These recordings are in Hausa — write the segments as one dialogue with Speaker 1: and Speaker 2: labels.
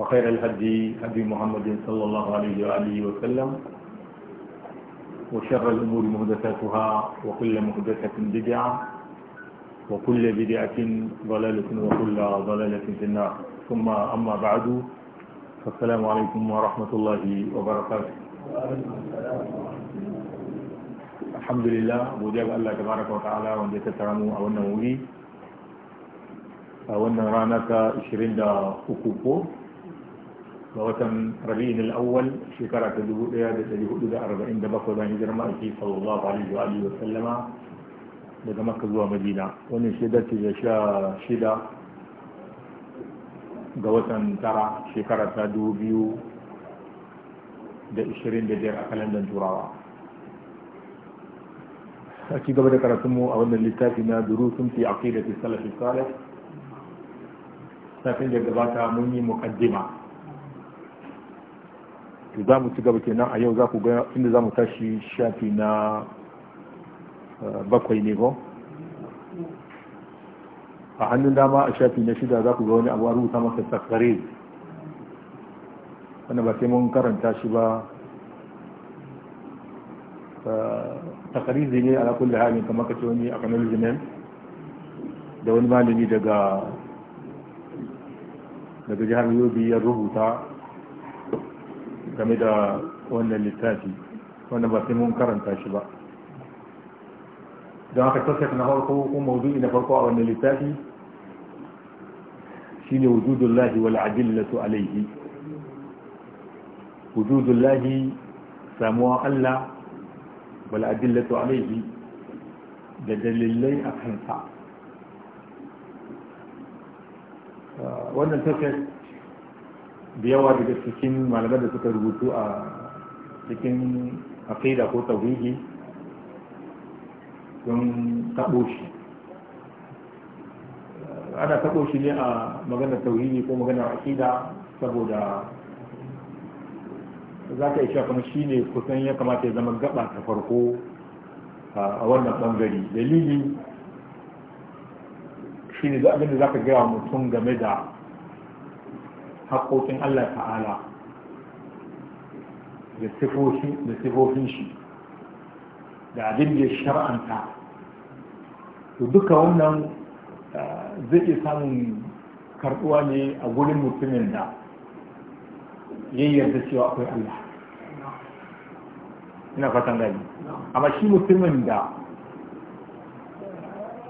Speaker 1: وخير الهدي هدي محمد صلى الله عليه وآله وسلم وشر الأمور مهدثاتها وكل مهدثة بدعة وكل بدعة ضلالة وكل ضلالة في النار ثم أما بعد فالسلام عليكم ورحمة الله وبركاته الحمد لله وجاب الله تبارك وتعالى وانجا تترمو أو النووي أو النرانا كإشرين دا حقوقه وقتم ربيعين الأول في كرة الدهود يا بس اللي هود أربعين دبقة بين جرما في صلى الله عليه وآله وسلم لما كذوا مدينة ونشيدة جشا شيدا قوتن ترى في كرة الدهوبيو ده إشرين ده دير أكلن دن جراوا أكيد قبل كرة سمو أولا لتاتنا دروسهم في عقيدة السلف الصالح لكن جبتها مني مقدمه to za mu ci gaba kenan a yau za ku ga inda za mu tashi shafi na eh, bakwai ne ko a hannun dama a shafi na shida za ku ga wani abu a rubuta masa sakare wanda ba sai mun karanta shi ba eh, takarizi ne ala da halin kamar kace wani kanar jimen da wani malami daga daga jihar Yobi ya rubuta game da wannan littafi wanda ba sai mun karanta shi ba don haka tasir na farko ko mawdu'i na farko a wannan littafi shine wujudullahi wal adillatu alayhi wujudullahi samuwa Allah wal adillatu alayhi da dalilai a kansa wannan tasir da yawa daga cikin malamar da suka rubutu a cikin haƙaida ko tauhidi don taɓo shi ana taɓo shi ne a maganar tauhidi ko maganar haƙaida saboda za ka isha kuma shi ne kusan ya kamata ya zama gaba ta farko a wannan ɓangare dalili shi ne abinda za ka gaya mutum game da haƙoƙin Allah ta'ala da sifofin shi da abin da ya shar'anta to duka wannan eh, zai iya samun karɓuwa ne a gurin mutumin da ya yarda cewa akwai Allah ina fatan gani amma shi mutumin da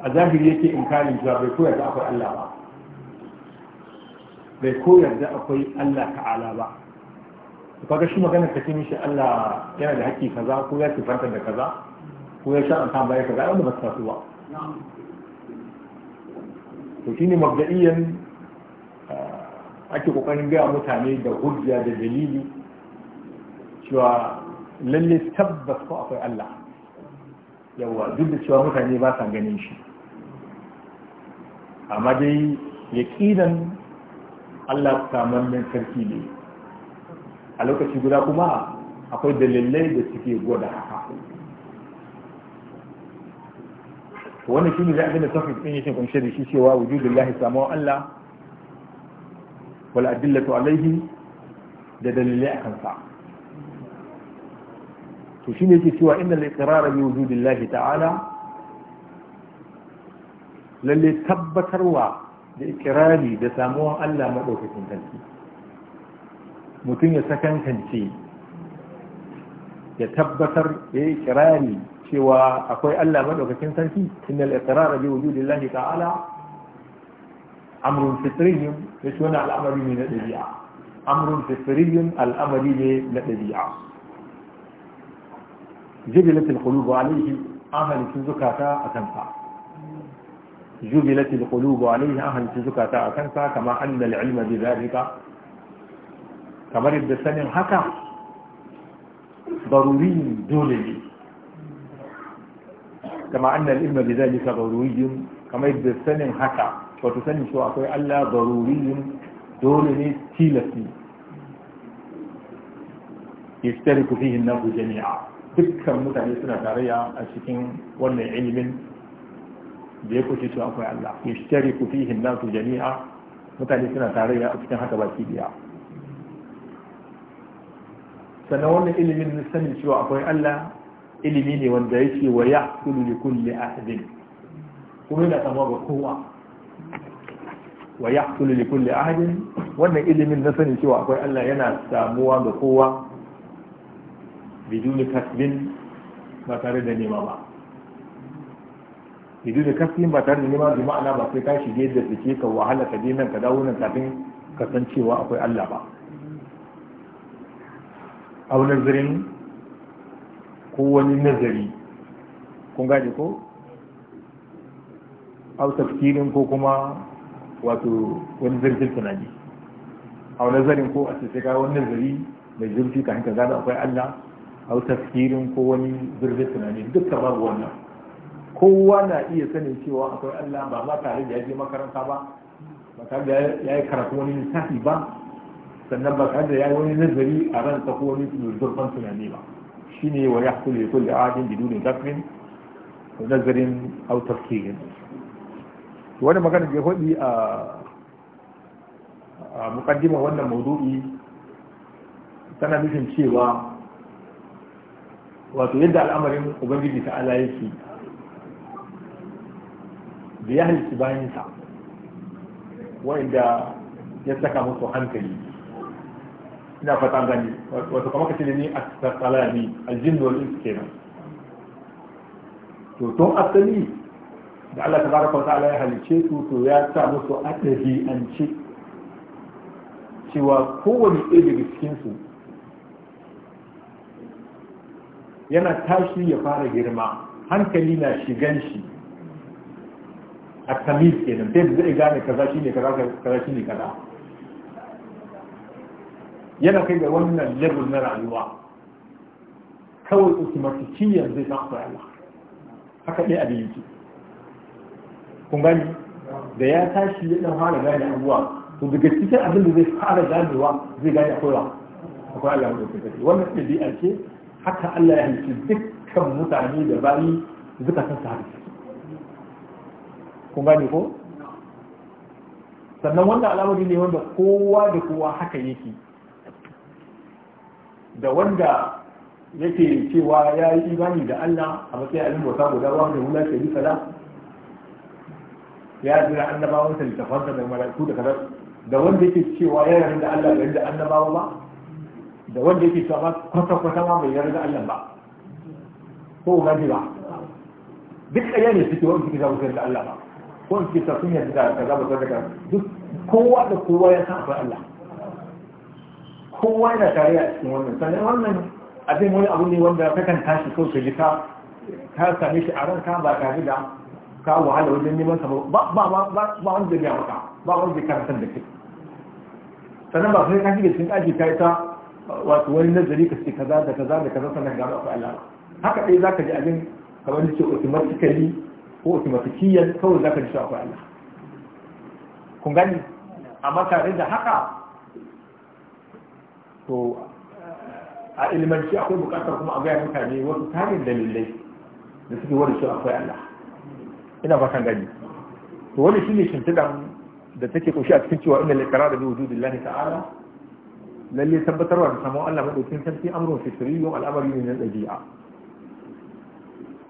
Speaker 1: a zahiri yake inkarin cewa bai koya da akwai Allah ba bai koyar da akwai Allah ta'ala ba kaga shi magana ka ce mishi Allah yana da haƙƙi kaza ko ya ce farkar da kaza ko ya sha an ta baya kaza wanda ba su taso ba to shine mabda'iyan eh, ake kokarin gaya mutane da hujja da dalili cewa lalle tabbas ko akwai Allah yawa duk da cewa mutane ba sa ganin shi amma dai yaƙinan Allah kamammen sarki ne a lokaci guda kuma akwai dalilai da suke gwada haka wannan shi ne za a gina tafi ɗin yake kunshe da shi cewa wujudun lahi samuwa Allah wala adillatu alaihi da dalilai a kansa to shi ne yake cewa inna al-iqrar bi wujudin lahi ta'ala lalle tabbatarwa da ikirari da samuwan Allah maɗaukakin sarki mutum ya sakankance ya tabbatar ya yi kirari cewa akwai Allah maɗaukakin sarki innal iqrar bi wujudillahi ta'ala amrun fitriyun ya shi wani al'amari ne na ɗabi'a amrun fitriyun al'amari ne na ɗabi'a jibilatul qulub alayhi an halittun zukata a kansa jubilat alqulub alayhi an hanci zukata akan sa kama anna alilma bi dhalika kamar yadda sanin haka daruri dole ne kama anna alilma bi dhalika daruri kama yadda sanin haka wato sanin cewa akwai Allah daruri dole ne tilasi yastariku fihi an jami'a dukkan mutane suna tarayya a cikin wannan ilimin da ya kuce su akwai Allah ya shari ku fihi nasu jami'a mutane suna tarayya a cikin haka baki biya sannan wannan ilimin na sanin cewa akwai Allah ilimi ne wanda ya ce wa ya kullu li kulli ahadin kuma yana samuwa ga kowa wa ya kullu li kulli ahadin wannan ilimin na sanin cewa akwai Allah yana samuwa ga kowa biduni kasbin ba tare da nema ba bidu da kafin ba tare da nema bi ma'ana ba sai ka shige da tsike ka wahala ka je nan ka dawo nan kafin ka san cewa akwai Allah ba aw nazarin ko wani nazari kun gaje ko aw tafkirin ko kuma wato wani zirgin tunani aw nazarin ko a sai ka wani nazari mai zurfi ka hanka gano akwai Allah aw tafkirin ko wani zirgin tunani dukkan babu wannan kowa na iya sanin cewa akwai Allah ba ma tare da ya je makaranta ba ba tare da ya yi karatu wani lissafi ba sannan ba tare da ya yi wani nazari a ta ko wani zurfan tunani ba shine wa ya kulle da adin biduni da nazarin au tafkirin wani magana da ya faɗi a mukaddima wannan maudu'i tana nufin cewa wato yadda al'amarin ubangiji ta ala yake da ya halitta bayansa wa'inda ya saka musu hankali ina fata gani wato kamar ka ce ne a tsalami aljinnu wal insu kenan to tun asali da Allah tabaraka wa ta'ala ya halice su to ya sa musu adabi an ce cewa kowane ɗaya daga cikin su yana tashi ya fara girma hankali na shigan shi التمييز كده انت بتقول اجاني إيه كذا شيء كذا كذا شيء كذا يلا كده وانا نجرب نرى الوا كو اوتوماتيكيا زي ما إيه قال الله هكا دي ابي انت كون غني ده يا تاشي ده ما له غير الوا تو بتجيك ابل زي قال ده الوا زي غير الوا هو الله هو كده وانا دي انت حتى الله يهلك ذكر متعدي ده بالي ذكر تصحيح kun gane ko sannan wanda al'amari ne wanda kowa da kowa haka yake da wanda yake cewa ya yi imani da Allah a matsayin abin bauta guda ba da hula ke bisa da ya jira annabawan sa littafansa da malaiku da kadar da wanda yake cewa ya yarda Allah da yarda annabawa ba da wanda yake cewa kwata kwata ma bai yarda Allah ba ko ubangi ba duk ɗaya ne suke wanda suke zama da Allah ba ko in ce sun yanzu da kaza ba sadaka duk kowa da kowa ya san akwai Allah kowa yana tare a cikin wannan sannan wannan abin wani abu ne wanda kakan tashi ko ka ji ka ka same shi a ranka ba tare da ka wahala wajen neman sa ba ba ba ba wanda ya maka ba wanda ya karanta da kai sannan ba sai ka shiga cikin aji kai ta wato wani nazari ka ce kaza da kaza da kaza sannan ga ba Allah haka dai zaka ji abin kamar da ce automatically ko otomatikiyar kawai za ka ji akwai Allah kun gani amma tare da haka to a ilmanci akwai bukatar kuma a gaya mutane wasu tarin dalilai da suke wani shi akwai Allah ina ba kan gani to wani shi ne shimfiɗan da take kushi a cikin cewa inda laikara da biyu wujudin lani ta'ala lalle tabbatarwa da samun Allah maɗaukin sarki amurin fitri yau al'amari ne na ɗabi'a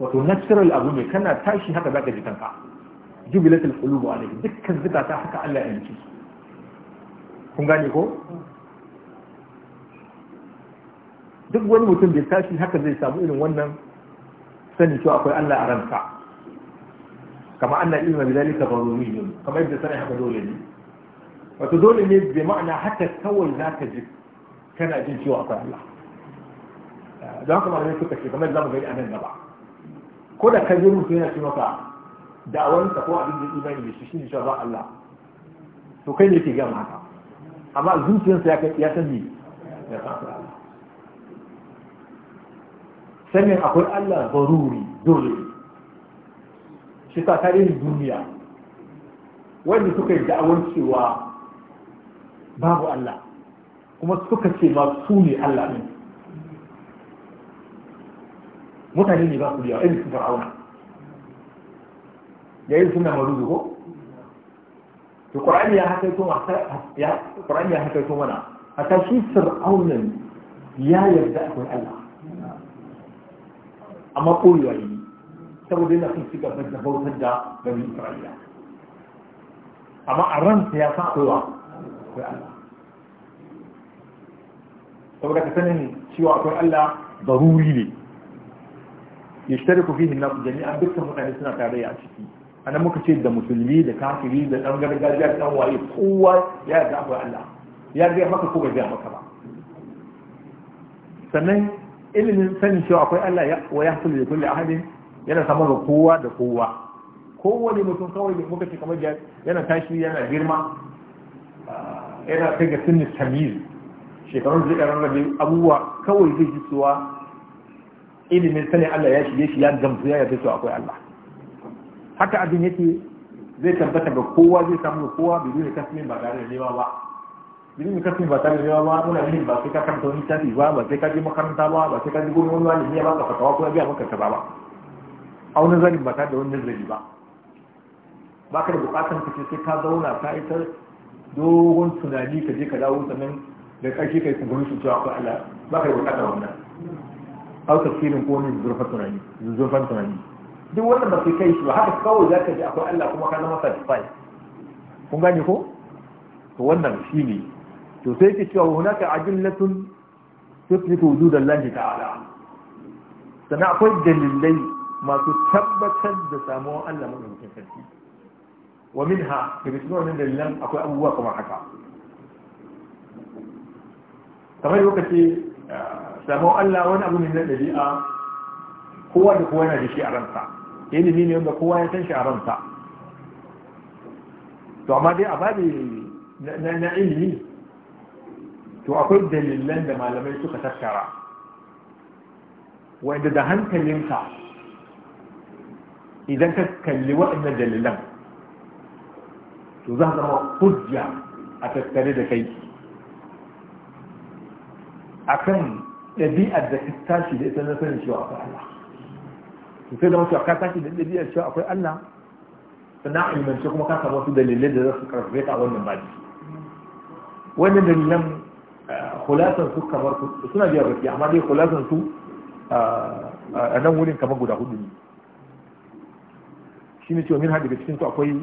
Speaker 1: wato natural abu ne kana tashi haka zaka ji kanka jubilatul qulubu alayhi dukkan zukata haka Allah ya yi kun gane ko duk wani mutum da tashi haka zai samu irin wannan sani cewa akwai Allah a ranka kama an na ilma bi dalika daruriyun kama yadda sani haka dole ne wato dole ne bi ma'ana haka kawai zaka ji kana jin cewa akwai Allah don haka ma malamai suka ce kamar zamu gani a nan gaba ko da ka je mutu yana ce maka da'awarsa ko abin da imani da shi shine cewa ba Allah to kai ne ke gama haka amma zuciyarsa ya kai ya san ni ya san Allah Sannan akwai Allah baruri dole shi ta ni duniya wanda suka yi da'awar cewa babu Allah kuma suka ce ma su ne Allah ne mutane ne ba su da yawa irin su fir'auna da irin suna maruzu ko to qur'ani ya haka to ya qur'ani ya haka to mana hatta shi fir'auna ya yarda akwai Allah amma koyewa yi saboda yana son shiga da bautar da bani Isra'ila amma a ransa ya san akwai wa akwai Allah saboda ka sanin cewa akwai Allah daruri ne يشترك فيه الناس جميعا بكثر من اهل السنه التابعيه على يعني. الشيء انا ممكن تشيد ده مسلمي ده كافري ده ده مجرد قال جاك هو هو يا جابر الله يا جاك ما تكون جاك ما كمان سنين اللي نسمي شو اقوي الله ويحصل لكل احد يلا سمر قوة ده قوة قوة اللي مسلم قوي اللي ممكن تكون جاك يلا تاشي يلا جيرما آه، يلا تجي سن التمييز شيخ رمزي ابوه قوي في جسوه ilimin sani Allah ya shige shi ya gamsu ya yarda cewa akwai Allah haka abin yake zai tabbata ga kowa zai samu kowa bidu ne kasmin ba tare da nema ba bidu ne kasmin ba tare da nema ba muna yin ba sai ka karanta wani tafi ba ba sai ka je makaranta ba ba sai ka je gurin wani wani ba ka fatawa ko ya biya maka ba a wani zanin ba tare da wani nazari ba ba ka da bukatar ka ce sai ka zauna ka yi dogon tunani ka je ka dawo sannan da ƙarshe ka yi kumburin su cewa ko Allah ba ka da bukatar wannan au filin ko ne zurfan tunani zurfan tunani duk wannan ba sai kai shi ba haka kawai za ka ji akwai Allah kuma ka zama satisfied kun gane ko to wannan shi ne to sai ke cewa hunaka ajillatun tusbitu wujudallahi ta'ala sannan akwai dalilai masu tabbatar da samuwar Allah madaukakin sarki wa minha daga cikin wannan dalilan akwai abubuwa kamar haka kamar yau kace sabon Allah wani abu ne na ɗabi'a kowa da kowa yana da shi a ransa ilimi ne wanda kowa ya san shi a ransa to amma dai a babi na ilimi to akwai dalilan da malamai suka tattara wanda da hankalinka idan ka kalli waɗannan dalilan to za zama hujja a tattare da kai akan ɗabi'ar da ka tashi da ita na sanin cewa akwai Allah to sai da wasu ka tashi da ɗabi'ar cewa akwai Allah sannan ilmance kuma ka samu wasu dalilai da za su karfafe ka a wannan baji wannan dalilan eh, kulasan su kamar suna biya rufi, amma dai kulasan su eh, a nan wurin kamar guda hudu ne shi ne cewa min daga cikin su akwai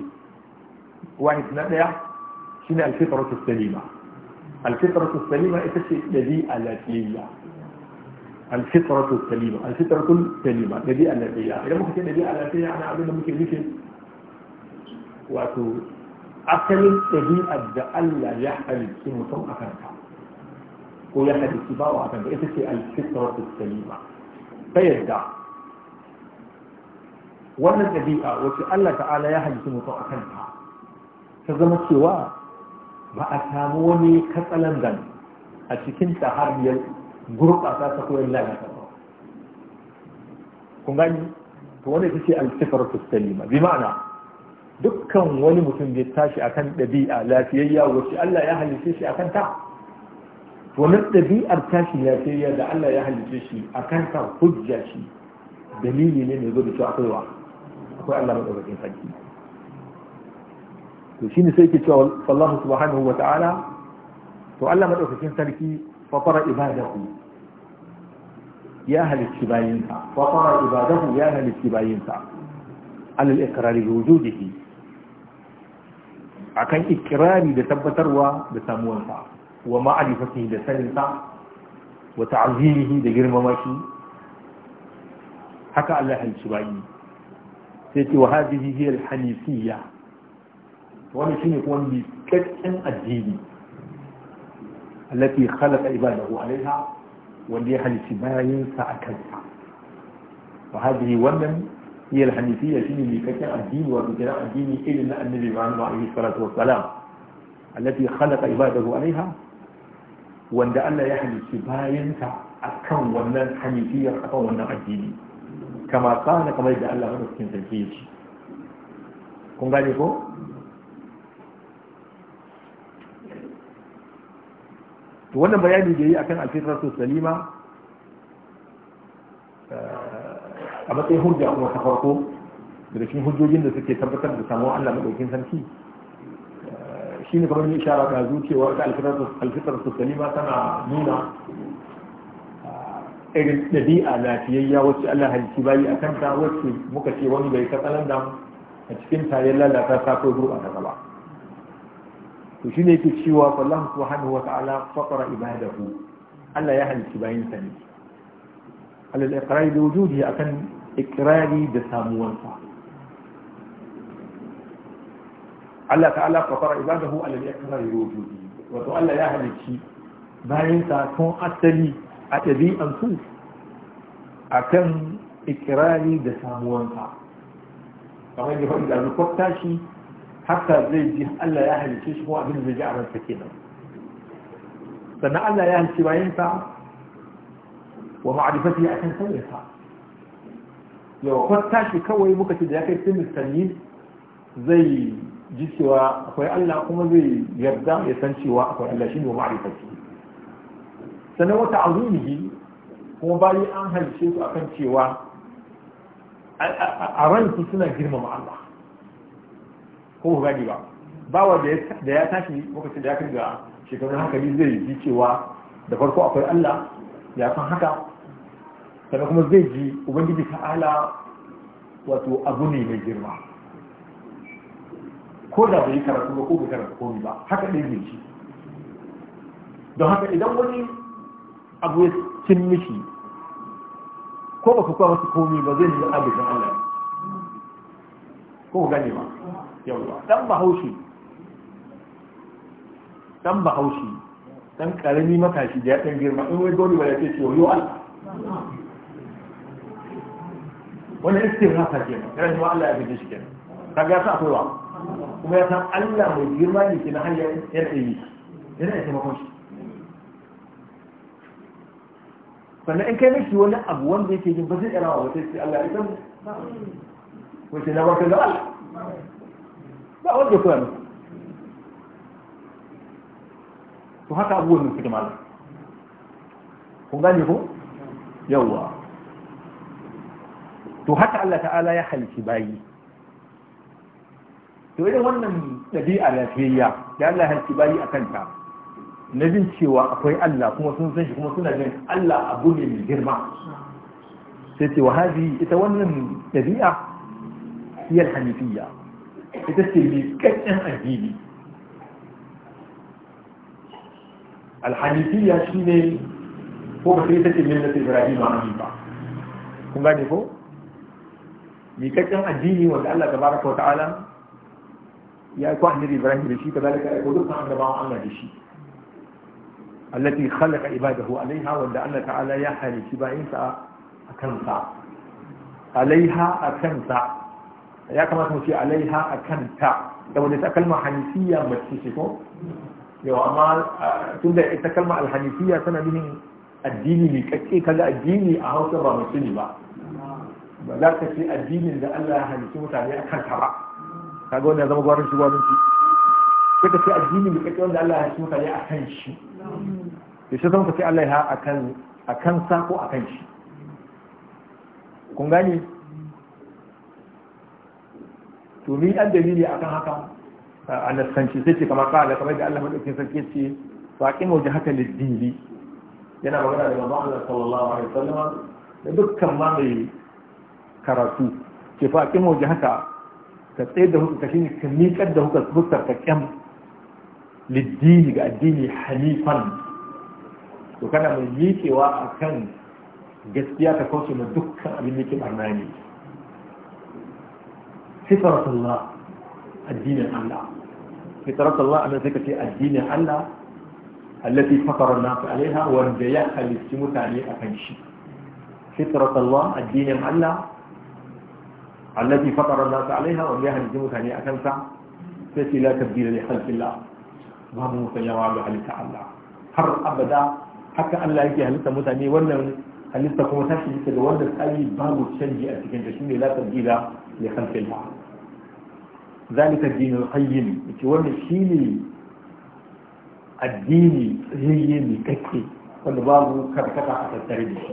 Speaker 1: wahid na ɗaya shi ne alfitar wasu salima الفطرة السليمة الذي على التي الفطرة السليمة الفطرة السليمة على التي إذا ممكن على التي أنا أبدا ممكن لكي وأتو أكل الذي أبدا ألا يحل سنة أكانك ويحل اتباع أكانك إتشي الفطرة السليمة فيدع wannan ɗabi'a wacce Allah ta'ala ya halittu mutum a kanta ta zama cewa ba a samu wani katsalan zan a cikin ta har ya gurɓata ta koyar ta ba kun gani to wani ita ce alsifar salima bi ma'ana dukkan wani mutum da ya tashi akan ɗabi'a lafiyayya wacce Allah ya halice shi akan ta wani ɗabi'ar tashi lafiyayya da Allah ya halice shi akan ta hujja shi dalili ne mai zo da cewa akwai akwai Allah madaukakin sarki to shine sai ke cewa Allah subhanahu wa ta'ala to Allah madaukakin sarki fatara ibadahu ya halicci bayinsa fatara ibadahu ya halicci bayinsa alal ikrari bi wujudihi akan ikrari da tabbatarwa da samuwansa, wa ma'rifatihi da saninsa wa ta'zimihi da girmama shi haka Allah halicci bayi sai ce wa hadhihi hiya al-hanifiyya wani shi ne kuma likakken addini alafi halaka ibadahu alaiha wanda ya halitti bayansa a kansa wannan yi alhamisi ya shi ne likakken addini wato jira addini irin na annabi ba a yi salatu wa salam alafi halaka ibadahu alaiha wanda allah ya halitti bayansa a kan wannan hamisi ya kafa wannan addini kama kana kamar yadda allah madaukakin sarki kun gane ko to wannan bayani da yi akan alfitratu salima eh, a matsayin hujja kuma ta farko da cikin hujjojin da suke tabbatar da samuwa Allah madaukin sarki eh, shine kamar yin ishara ga zuciya alfitar alfitratu salima tana nuna eh, irin dabi'a lafiyayya wacce Allah halitti bayi a kanta wacce muka ce wani bai katsalan da a cikin ta ya lalata ta ko gurɓata ba to shine yake cewa Allah subhanahu wa ta'ala fatara ibadahu Allah ya halitta bayin sa ne alal iqrari da wujudi akan iqrari da samuwansa Allah ta'ala fatara ibadahu alal iqrari da wujudi wato Allah ya halitta bayin sa tun asali a ɗabi'an su akan iqrari da samuwansa kamar yadda wanda zuwa tashi haka zai ji Allah ya halice shi ko abin zai ji a ransa kenan sannan Allah ya halice sa wa ma'arifati akan sauyarsa yau kwata tashi kawai muka ce da ya kai sinin sanyi zai ji cewa akwai Allah kuma zai yarda ya san cewa akwai Allah shi ne wa ma'arifati sannan wata azumihi kuma bayi an halice su akan cewa a ranki suna girmama Allah ko ba gani ba bawa da ya tashi lokacin da ya kai ga shekarun hankali zai ji cewa da farko akwai Allah ya san haka sannan kuma zai ji ubangiji ala wato abu ne mai girma ko da bai karatu ba ko bai karatu komi ba haka ɗaya zai ji don haka idan wani abu ya cin mishi ko ba ku kwa masu komi ba zai nuna ta Allah ko ku gane ba yawa dan bahaushe dan bahaushe dan karami matashi da ya dan girma in wai dole ba ya ce ciwo yau Allah wani istighafa kenan ran wa Allah ya gaji shi kenan kaga ya san akwai wa kuma ya san Allah mai girma ne kenan har ya yana yi yana ya taimakon shi sannan in kai mishi wani abu wanda yake jin ba zai tsara wa ba sai Allah ya san wace na barka ga Allah ba wanda ya koya musu to haka abubuwan da suke malam kun gane ko yawwa to haka Allah ta'ala ya halici bayi to irin wannan ɗabi'a da ta lafiyayya da Allah ya halici bayi a kanta na jin cewa akwai Allah kuma sun san shi kuma suna jin Allah abu ne mai girma sai ce wa hadi ita wannan ɗabi'a hiyar hanifiyya ita ce miƙaƙƙen addini alhanifiya shi ne ko ba sai ta ce millata ibrahim a ba kun gane ko miƙaƙƙen addini wanda allah ta baraka wa ta'ala ya aiko annabi ibrahim da shi ta kazalika aiko dukkan annabawan allah da shi allati khalaqa ibadahu alaiha wanda allah ta'ala ya halici bayansa a kansa alaiha a kansa ya kamata mu ce alaiha a kan da wani ta kalma hanifiya mace ce ko yau amma tun da ita kalma alhanifiya tana nufin addini mai kakke kaga addini a hausa ba musulmi ba ba za ka ce addinin da Allah ya halitta mutane a kanta ba kaga ya zama gwarin shugabanci sai ka ce addini mai kakke wanda Allah ya halitta mutane a kan shi da shi zama ka ce Allah ya a kan sa ko a kan shi kun gani to min an dalili akan haka eh, a sanci sai ce kamar kala kamar da Allah madaukin sarki ce faqim wajhaka lid-din yana magana da manzon Allah sallallahu alaihi wasallam da dukkan ma mai karatu ke faqim haka ka tsaye da hukka shine ka miƙar da hukunta fuskar ka kyam lid ga addini halifan to kana mai miƙewa akan gaskiya ta kauce ma dukkan abin da ke barna ne فطرة الله الدين الحلا فطرة الله أنا ذكرت الدين الحلا التي فطر الناس عليها ورجيا الاستمو تعني أفنشي فطرة الله الدين الحلا التي فطر الناس عليها ورجيا الاستمو تعني أفنسا فتي لا تبديل لخلق الله وهم متجاوز على تعالى هر أبدا حتى أن لا يجهل تموت عني ولا هل لسه كما تحكي لسه دولة أي بارو تشجي التكنجشين لا تبديل لخلق المعارض ذلك الدين القيم يتوام الشيل الدين هي مكتي والبعض كبكتا حتى التربيش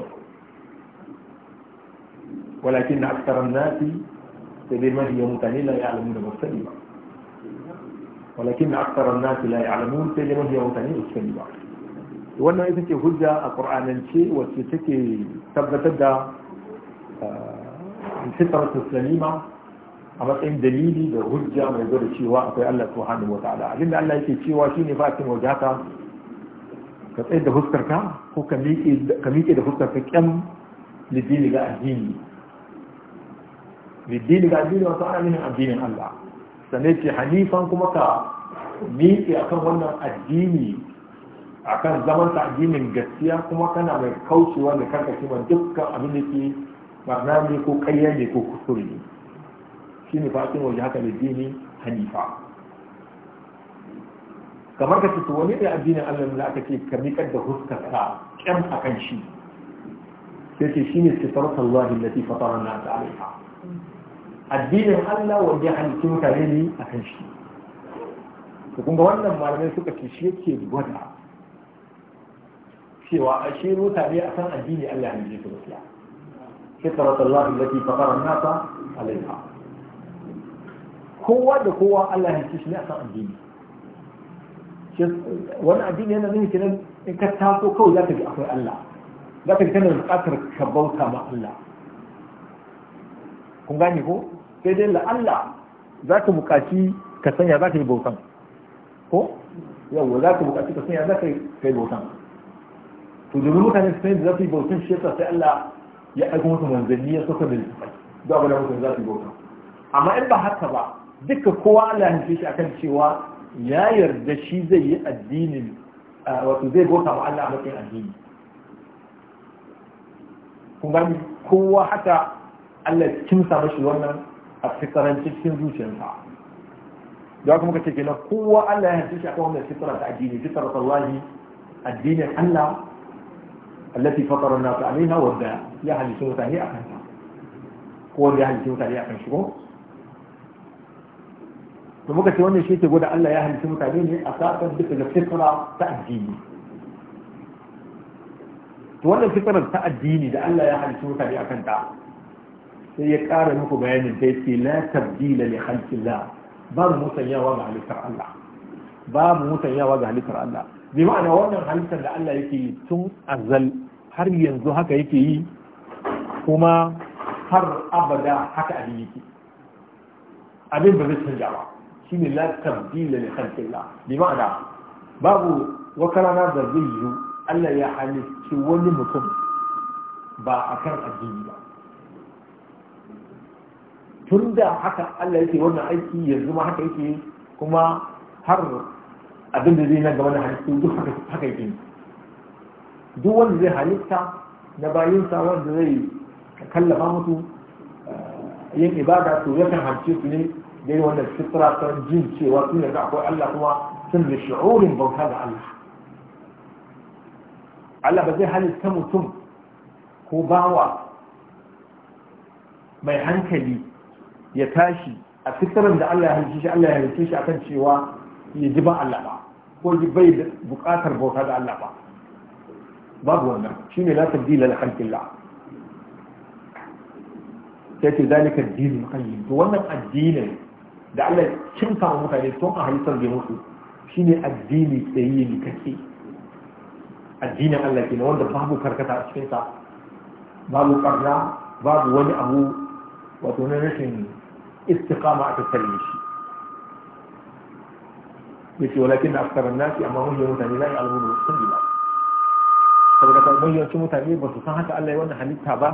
Speaker 1: ولكن أكثر الناس تدير ما هي متهي لا يعلمون مستدبا ولكن أكثر الناس لا يعلمون تدير ما هي متهي مستدبا wannan ita ce hujja a ƙur'anance wacce take tabbatar da ah, fitar salima a matsayin dalili da hujja mai gwada cewa akwai Allah subhanahu wa ta'ala da Allah yake cewa shine fa cikin wajata ka tsaye da fuskarka ko ka miƙe da fuskarka kyan lidini ga addini lidini ga addini wasu ana ainihin addinin Allah sannan ce hanifan kuma ka miƙe akan wannan addini akan zaman ta addinin gaskiya kuma kana mai kaucewa da karkace ma dukkan abin da ke barna ne ko kayya ne ko kusuri ne Shi ne fatin waje haka da dini hanifa kamar ka ce wani da addinin Allah ne aka ce ka miƙar da huskar sa kyam akan shi sai ce shine da Allah allati na ta alaifa addinin Allah wanda ya halittu mutane ne akan shi to kun ga wannan malamai suka ce shi yake gwada cewa ashe mutane a san addini Allah ne yake gaskiya fitrat Allah allati fatara nasa alaiha kowa da kowa Allah ya ci shi ne a kan addini wani addini yana nuna kenan in ka taso kawai za ka ji akwai Allah za ka ji kana buƙatar ka bauta ma Allah kun gane ko sai dai Allah za ka buƙaci ka sanya za ka yi bautan ko yawwa za ka buƙaci ka sanya za ka yi bautan to domin mutane su da za su yi bautan shi yasa sai Allah ya aiko musu manzanni ya saka da littafai da abin da mutane za su yi amma in ba haka ba duka kowa Allah ya nufi shi akan cewa ya yarda shi zai yi addinin wato zai bauta wa Allah a matsayin addini kun gani kowa haka Allah ya kimsa mashi wannan a fitarancin cikin zuciyarsa da kuma kace kenan kowa Allah ya hanci shi akan wannan fitara ta addini fitara sallahi addinin Allah allati fatara ta addini da Allah ya ya ƙara muku bayanin ta ga halittar Allah babu musanyawa wannan halittar da Allah yake tun azal har yanzu haka yake yi kuma har abada haka abin yake abin ba zai canja ba shi ne la tabdila da khalqillah bi ma'ana babu wakana rana da zai yi Allah ya halittu wani mutum ba a kan addini ba tun da haka Allah yake wannan aiki yanzu ma haka yake kuma har abin da zai na gaba na halittu duk haka yake duk wanda zai halitta na bayinsa wanda zai kallafa mutu eh, yin ibada to yakan harce su ne dai wanda fitra jin cewa sun yarda akwai Allah kuma sun da shi'urin bauta da Allah Allah ba zai halitta mutum ko bawa mai hankali ya tashi a fitran da Allah ya halitta shi Allah ya halitta shi akan cewa ya ji ba Allah ba ko bai buƙatar bauta da Allah ba babu wannan na la tabdila li khalqillah sai ce zalika ad-din qayyim to wannan addinin da Allah cin fa mutane tun a halittar da mutu, shi ne addini tsayi ne kake addinin Allah kenan wanda babu karkata a cikin babu karna babu wani abu wato na rashin istiqama a tattare shi yace walakin aktsara an-nasi amma hum mutane na yi la sun yi ba. saboda ka bayyanci mutane ba su san haka Allah ya wannan halitta ba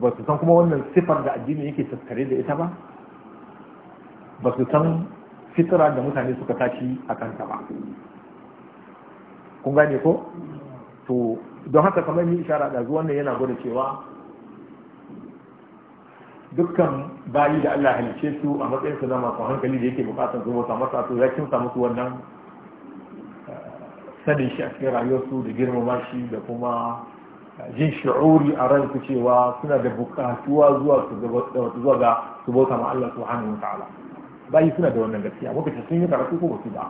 Speaker 1: ba su san kuma wannan sifar da addini yake tattare da ita ba ba su san fitira da mutane suka tashi a kanta ba kun gane ko to don haka kamar ni ishara da zuwan nan yana gwada cewa dukkan bayi da Allah halice su a matsayin su na masu hankali da yake bukatar su masa masa to ya kin samu su wannan sanin shi a cikin rayuwarsu da girmama shi da kuma jin shi'uri a ranku cewa suna da bukatuwa zuwa zuwa ga su bauta ma Allah subhanahu wa ta'ala bayi suna da wannan gaskiya lokaci sun yi karatu ko su ba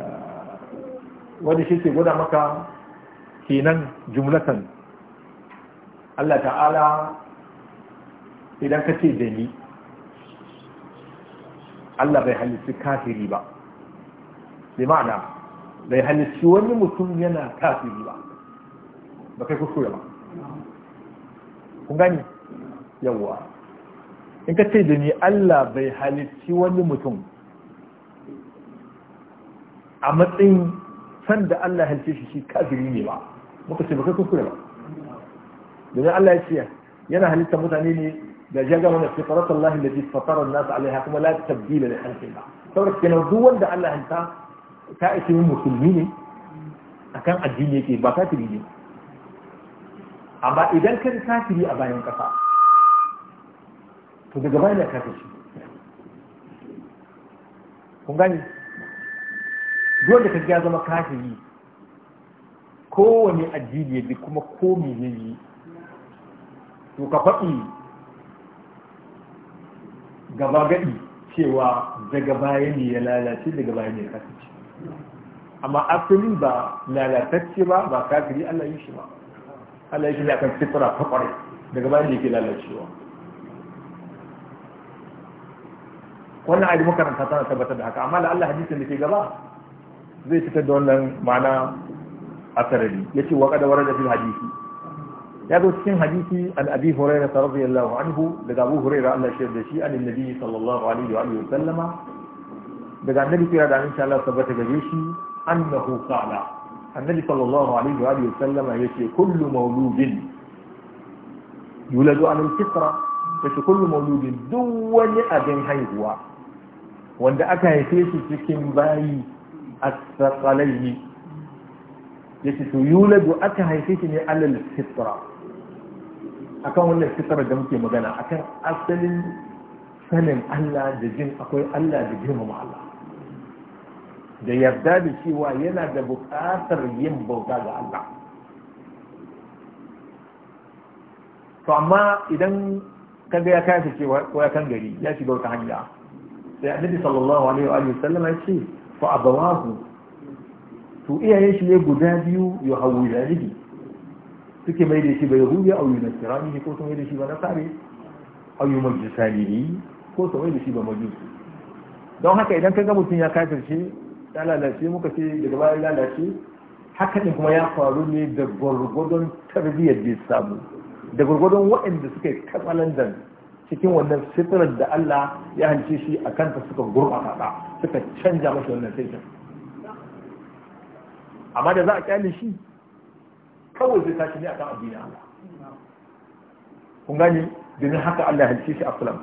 Speaker 1: eh, wani shi ke gwada maka kenan jumlatan Allah ta'ala idan ka ce da ni Allah bai halittu kafiri ba bi ma'ana bai halicci wani mutum yana kafiri ba ba kai kuskure ba kun gani yawwa in ka ce da ni Allah bai halicci wani mutum a matsayin sanda Allah halice shi shi kafiri ne ba muka ce ba kai kuskure ba domin Allah ya ce yana halitta mutane ne da ya gama na fitarar Allah da ji fatarar nasu alaiha kuma la tabdila da halkin ba saboda kenan duk wanda Allah halitta ta ake yin musulmi ne akan addini yake ba kafiri ne amma idan ka da kafiri a bayan kafa to daga bayan ka shi, kun gani dole ka ya zama kafiri kowane addini ya kuma ko ne yi to ka faɗi gaba gaɗi cewa daga baya ne ya lalace daga baya ne ya kasance amma asali ba lalatacce ba ba kafiri Allah yi shi ba Allah yi shi akan fitra ta kwarai daga bayan da yake lalacewa wannan ayi makaranta tana tabbatar da haka amma da Allah hadisin da ke gaba zai fitar da wannan ma'ana asarari yace wa qad warada fil hadisi ya zo cikin hadisi an abi hurairah radiyallahu anhu daga abu hurairah Allah shi da shi annabi sallallahu alaihi wa sallama daga annabi kira da aminci Allah tabbata gare shi annahu qala annabi sallallahu alaihi wa alihi sallama yace kullu mauludin yuladu an al-fitra yace kullu mauludin duk wani abin haihuwa wanda aka haife shi cikin bayi as-saqalaini yace to yuladu aka haife shi ne alal fitra akan wannan fitra da muke magana akan asalin sanin Allah da jin akwai Allah da girmama Allah da yarda da cewa yana da buƙatar yin bauta ga Allah to amma idan kaga ya kasa cewa ko ya kan gari ya shiga wata hanya sai annabi sallallahu alaihi wa sallam ya ce fa abawahu to iyayen shi ne guda biyu ya hawu ya suke mai da shi bai rubi a yi nasirani ko sun yi da shi ba na sare a yi majisani ko su mai da shi ba majusi don haka idan ka ga mutum ya kafirce ya lalace muka ce daga baya lalace haka ne kuma ya faru ne da gwargwadon tarbiyyar da samu da gwargwadon waɗanda suka yi katsalandan cikin wannan sitirar da Allah ya hance shi a kanta suka gurɓata ta suka canja masa wannan sitirar amma da za a kyale shi kawai zai tashi ne a kan addinin Allah kun domin haka Allah ya halice shi a kulam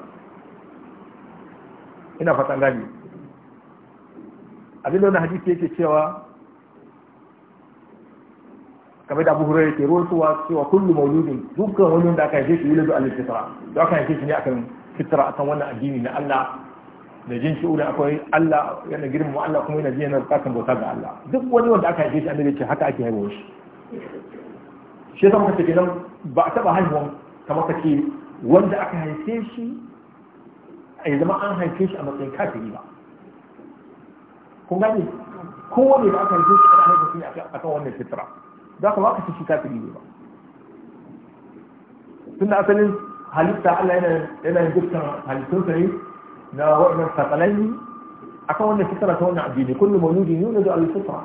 Speaker 1: ina fatan gani abin da wani hadisi yake cewa kamar da abu hurairu ke ruwa cewa kullu mauludin dukkan wani wanda aka haife shi wuladu al fitra da aka haife shi ne akan a kan wannan addini na Allah da jin shi da akwai Allah yana mu Allah kuma yana jiya na bukatan bauta ga Allah duk wani wanda aka haife shi annabi ce haka ake haihuwa shi shi yasa muka ce kenan ba a taba haihuwan kamar kace wanda aka haife shi ya zama an haife shi a matsayin kafiri ba kun ko kowane da aka haife shi ana haife shi a kan wannan fitra za ka waka shi kafiri ne ba tun da asalin halitta Allah yana yana dukkan halittun sa ne na wa'annan sakalai kan wannan fitra ta wannan wani kullu mawludin yuladu al fitra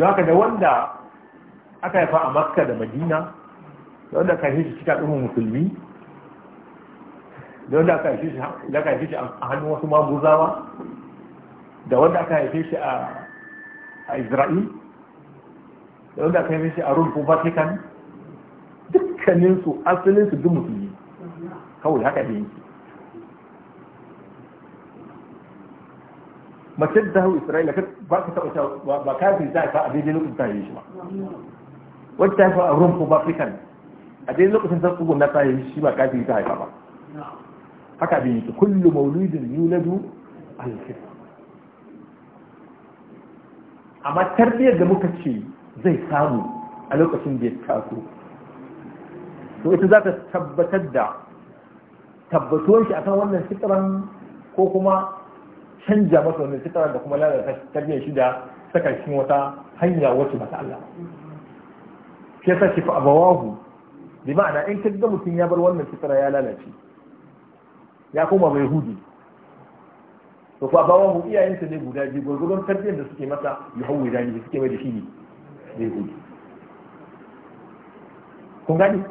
Speaker 1: don haka da wanda aka haifa a makka da madina da wanda kan shi cika ɗumin musulmi da wanda aka haife shi a hannun wasu maguzawa da wanda aka haife shi a isra'il da wanda aka haife shi a ko vatican dukkaninsu asalinsu duk musulmi kawai haka ne yake mace da hau isra'ila ba ka taɓa cewa ba ka fi haifa a daidai lokacin ta haife shi ba wacce ta haifa a ko vatican a daidai lokacin ta tsugun na ta haife shi ba kafin ta haifa ba haka bin yake kullu mauludin yuladu alfi amma tarbiyyar da muka ce zai samu a lokacin da ya taso to ita za ta tabbatar da tabbatuwar shi akan wannan fitran ko kuma canja masa wannan fitran da kuma lalata tarbiyyar shi da saka wata hanya wacce ba ta Allah ke sa shi fa abawahu bi ma'ana in kaga mutum ya bar wannan fitra ya lalace ya koma mai hudu to fa bawa mu iyayensa ne guda biyu gurgurun tarbiyyar da suke masa ya hawo da suke mai da shi ne hudu kun gani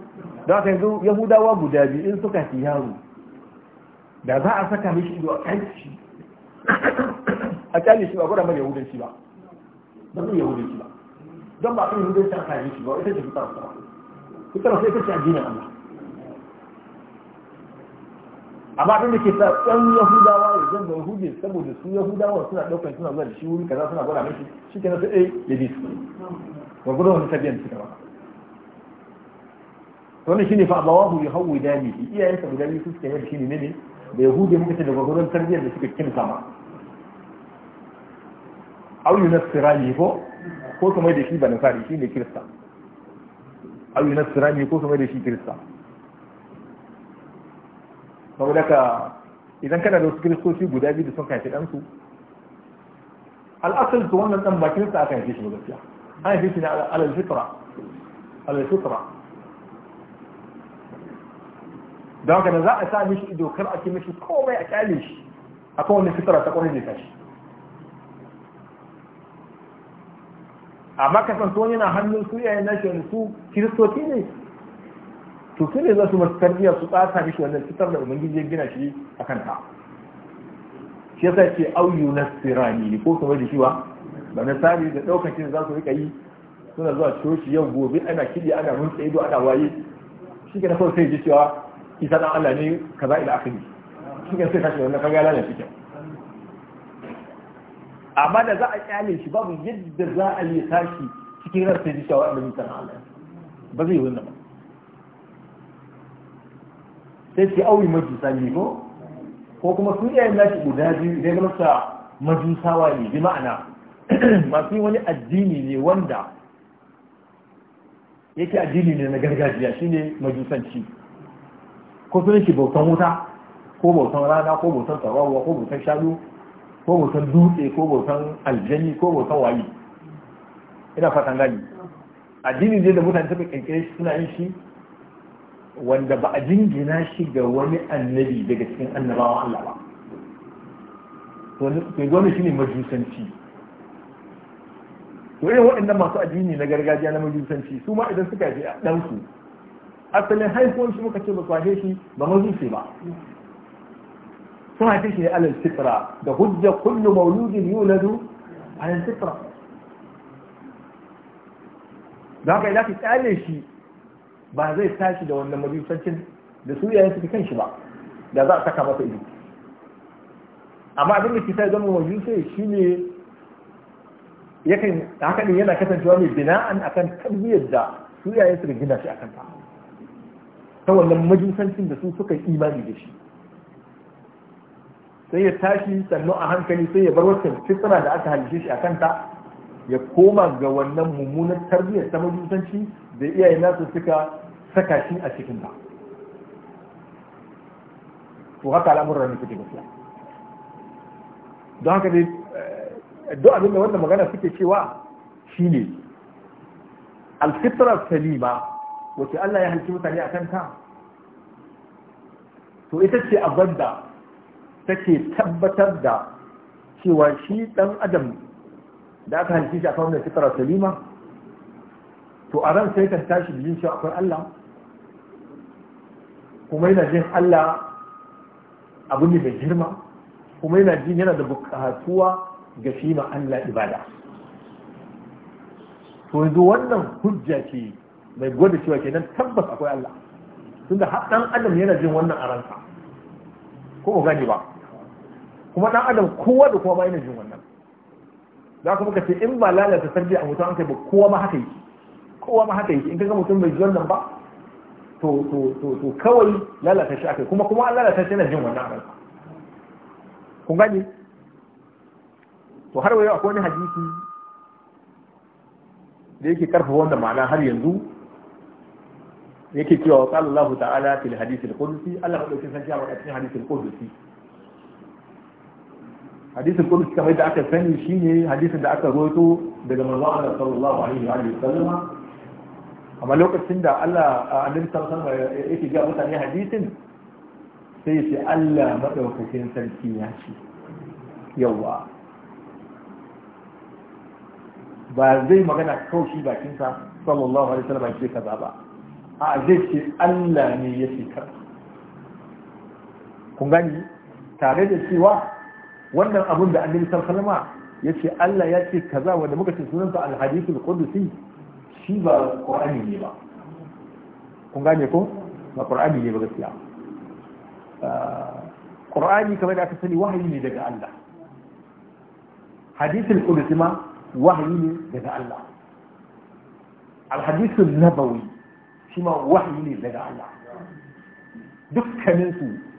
Speaker 1: don haka yanzu yahudawa guda biyu in suka fi yaro da za a saka mishi ido a kai shi a kyale shi ba gwada mai yahudanci ba ba zai yahudanci ba don ba a kan yahudanci a kai shi ba ita ce fitar sa fitar sa ita ce addinin Allah amma abin da ke sa ɗan yahudawa ya zan ga yahudi saboda su yahudawa suna ɗaukar suna zuwa da shi wuri kaza suna gwada mashi shi ke nasu ɗaya eh, ya bi su ba gudun wani tabiyan suka ba to shi ne fa abawahu ya hawu dani iyayensa guda biyu suke yadda shi ne ne da yahudi muka ce daga gudun tarbiyyar da suka kimsa ma na sirani ko ko kuma da shi ba nasari shi ne kirista na sirani ko kuma da shi kirista saboda ka idan kana da wasu kiristoci guda biyu da sun kai ɗansu al'asar su wannan ɗan bakin sa aka haife shi ba gaskiya an haife shi ne alal fitra alal fitra don haka da za a sa mishi ido kar a kimi shi komai a kyale shi akan wani fitra ta kwarai da shi. amma wani yana hannun su yayin nashi su kiristoci ne to su ne za su masu tarbiyya su tsasa mishi wannan fitar da ubangiji ya gina shi a kanta shi yasa ce sirani ne ko kuma da wa ba na sami da ɗaukan shi za su rika yi suna zuwa coci yau gobe ana kiɗi ana mun ido ana waye shi ke na kawai sai ji cewa isa ɗan Allah ne kaza ila akhiri shi ke sai kashe wannan kaga lalace kyau amma da za a kyale shi babu yadda za a yi tashi cikin rarsa ji cewa annabi sallallahu Allah ba zai yi wannan ba sai ce auri majusa ne ko ko kuma su iyayen nashi guda biyu idan ya masa majusawa ne bi ma'ana masu wani addini ne wanda yake addini ne na gargajiya shine majusanci ko su nake bautan wuta ko bautan rana ko bautan tsararwa ko bautan shanu ko bautan dutse ko bautan aljani ko bautan wayi ina fatan gani addini ne da mutane suka kankire shi suna yin shi wanda ba a jingina shi ga wani annabi daga cikin annabawan Allah ba to gwamna shi ne majusanci to irin waɗannan masu addini na gargajiya na majusanci su ma idan suka yi ɗansu asalin haihuwar shi muka ce ba su haife shi ba majusi ba sun haife shi ne alal fitra da hujja kullu mauludin yuladu alal fitra da haka idan ka kyale shi ba zai tashi da wannan majusancin da su yayin suka kan shi ba da za a saka masa ido amma abin da ke sai zama majusai shine yakan haka ne yana kasancewa mai bina'an akan tarbiyyar da su yayin suka gina shi akan ta ta wannan majusancin da su suka imani da shi sai ya tashi sannu a hankali sai ya bar wata fitra da aka halishe shi a kanta ya koma ga wannan mummunar tarbiyyar ta majusanci da iyaye nasu suka saka shi a cikin ba. to haka al'amuran ne suke gaskiya don haka dai eh, duk abin da wannan magana suke cewa shine alfitra salima wace Allah ya halci mutane a kanta to ita ce abin da take tabbatar da cewa shi dan adam da aka halice shi akan wannan fitara salima to a ran sai ka tashi da jin cewa akwai Allah kuma yana jin Allah abu ne mai girma kuma yana jin yana da bukatuwa ga shi ma Allah ibada to yanzu wannan hujja ce mai gwada cewa kenan tabbas akwai Allah da har dan adam yana jin wannan a ransa ko ba gani ba kuma dan adam kowa da kowa ba yana jin wannan za ku muka ce in ba lalata sarki a mutum an kai ba kowa ma haka yi kowa ma haka yi in kaga mutum bai ji wannan ba to to to to kawai lalata shi akai kuma kuma an lalata shi yana jin wannan abin kun gani to har wayo akwai wani hadisi da yake karfafa wannan ma'ana har yanzu yake cewa qala Allah ta'ala fil hadisi al-qudsi Allah san cewa a cikin hadisi al-qudsi hadisin kudu kamar da aka sani shine hadisin da aka roto daga manzo Allah sallallahu alaihi wa sallam amma lokacin da Allah annabi sallallahu alaihi wa sallam yake ga mutane hadisin sai ce Allah madaukakin sarki ya ce yawa ba zai magana kaushi bakinsa sallallahu alaihi wa sallam ce kaza ba a zai ce Allah ne ya ce kaza kun gani tare da cewa wannan abun da annabi sallallahu ya ce Allah ya ce kaza wanda muka ce sunansa al-hadithul qudsi shi ba qur'ani ne ba kun gane ko ba qur'ani ne ba gaskiya ah, qur'ani kamar da aka sani wahayi ne daga Allah hadithul qudsi ma wahayi ne daga Allah al-hadithul nabawi shi ma wahayi ne daga Allah dukkaninsu